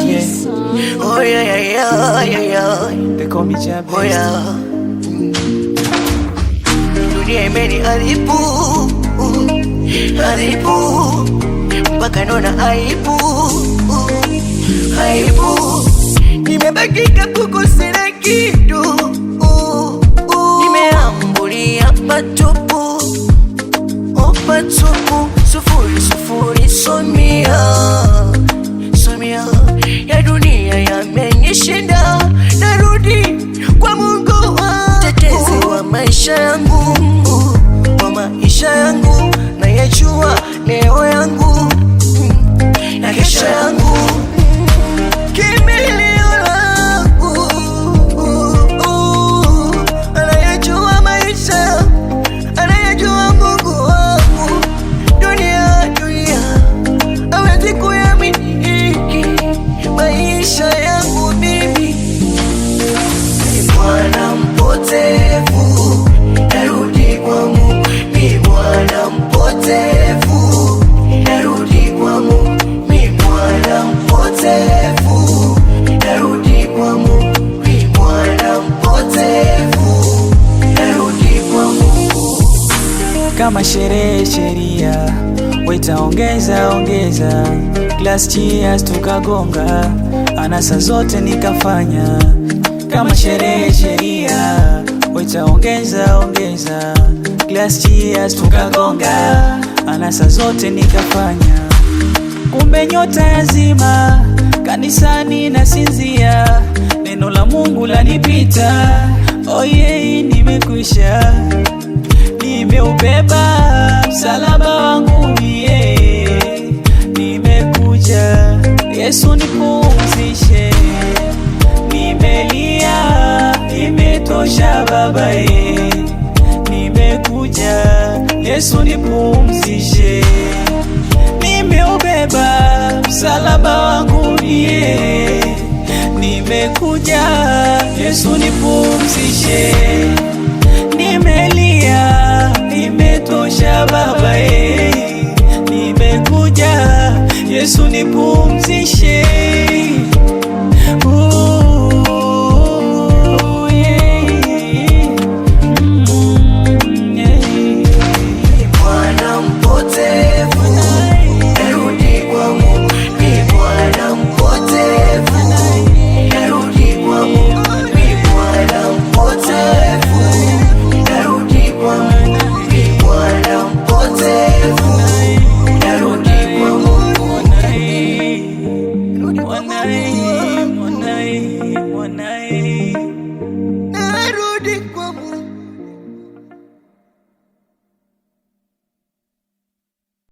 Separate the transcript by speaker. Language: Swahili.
Speaker 1: Yes. Oh, yeah, yeah, yeah, yeah, yeah. They call me Oh, yeah.
Speaker 2: Dunia mpaka Nimebakika kukosera kitu, nimeambulia patupu, patupu, sufuri sufuri somia nimeshinda, narudi kwa Mungu, mtetezi wa maisha yangu, wa maisha yangu, nayejua leo yangu
Speaker 1: kama sherehe sheria, wetaongeza ongeza, glass cheers tukagonga, anasa zote nikafanya kama sherehe sheria, wetaongeza ongeza, glass cheers tukagonga, anasa zote nikafanya. Kumbe nyota yazima, kanisani nasinzia, neno la Mungu lanipita, oyei, oh, nimekwisha Yesu nipumzishe, nimelia, imetosha babae, nimekuja. Yesu nipumzishe, nimeubeba msalaba wangu mie, nimekuja. Yesu nipumzishe Yesu nipumzishe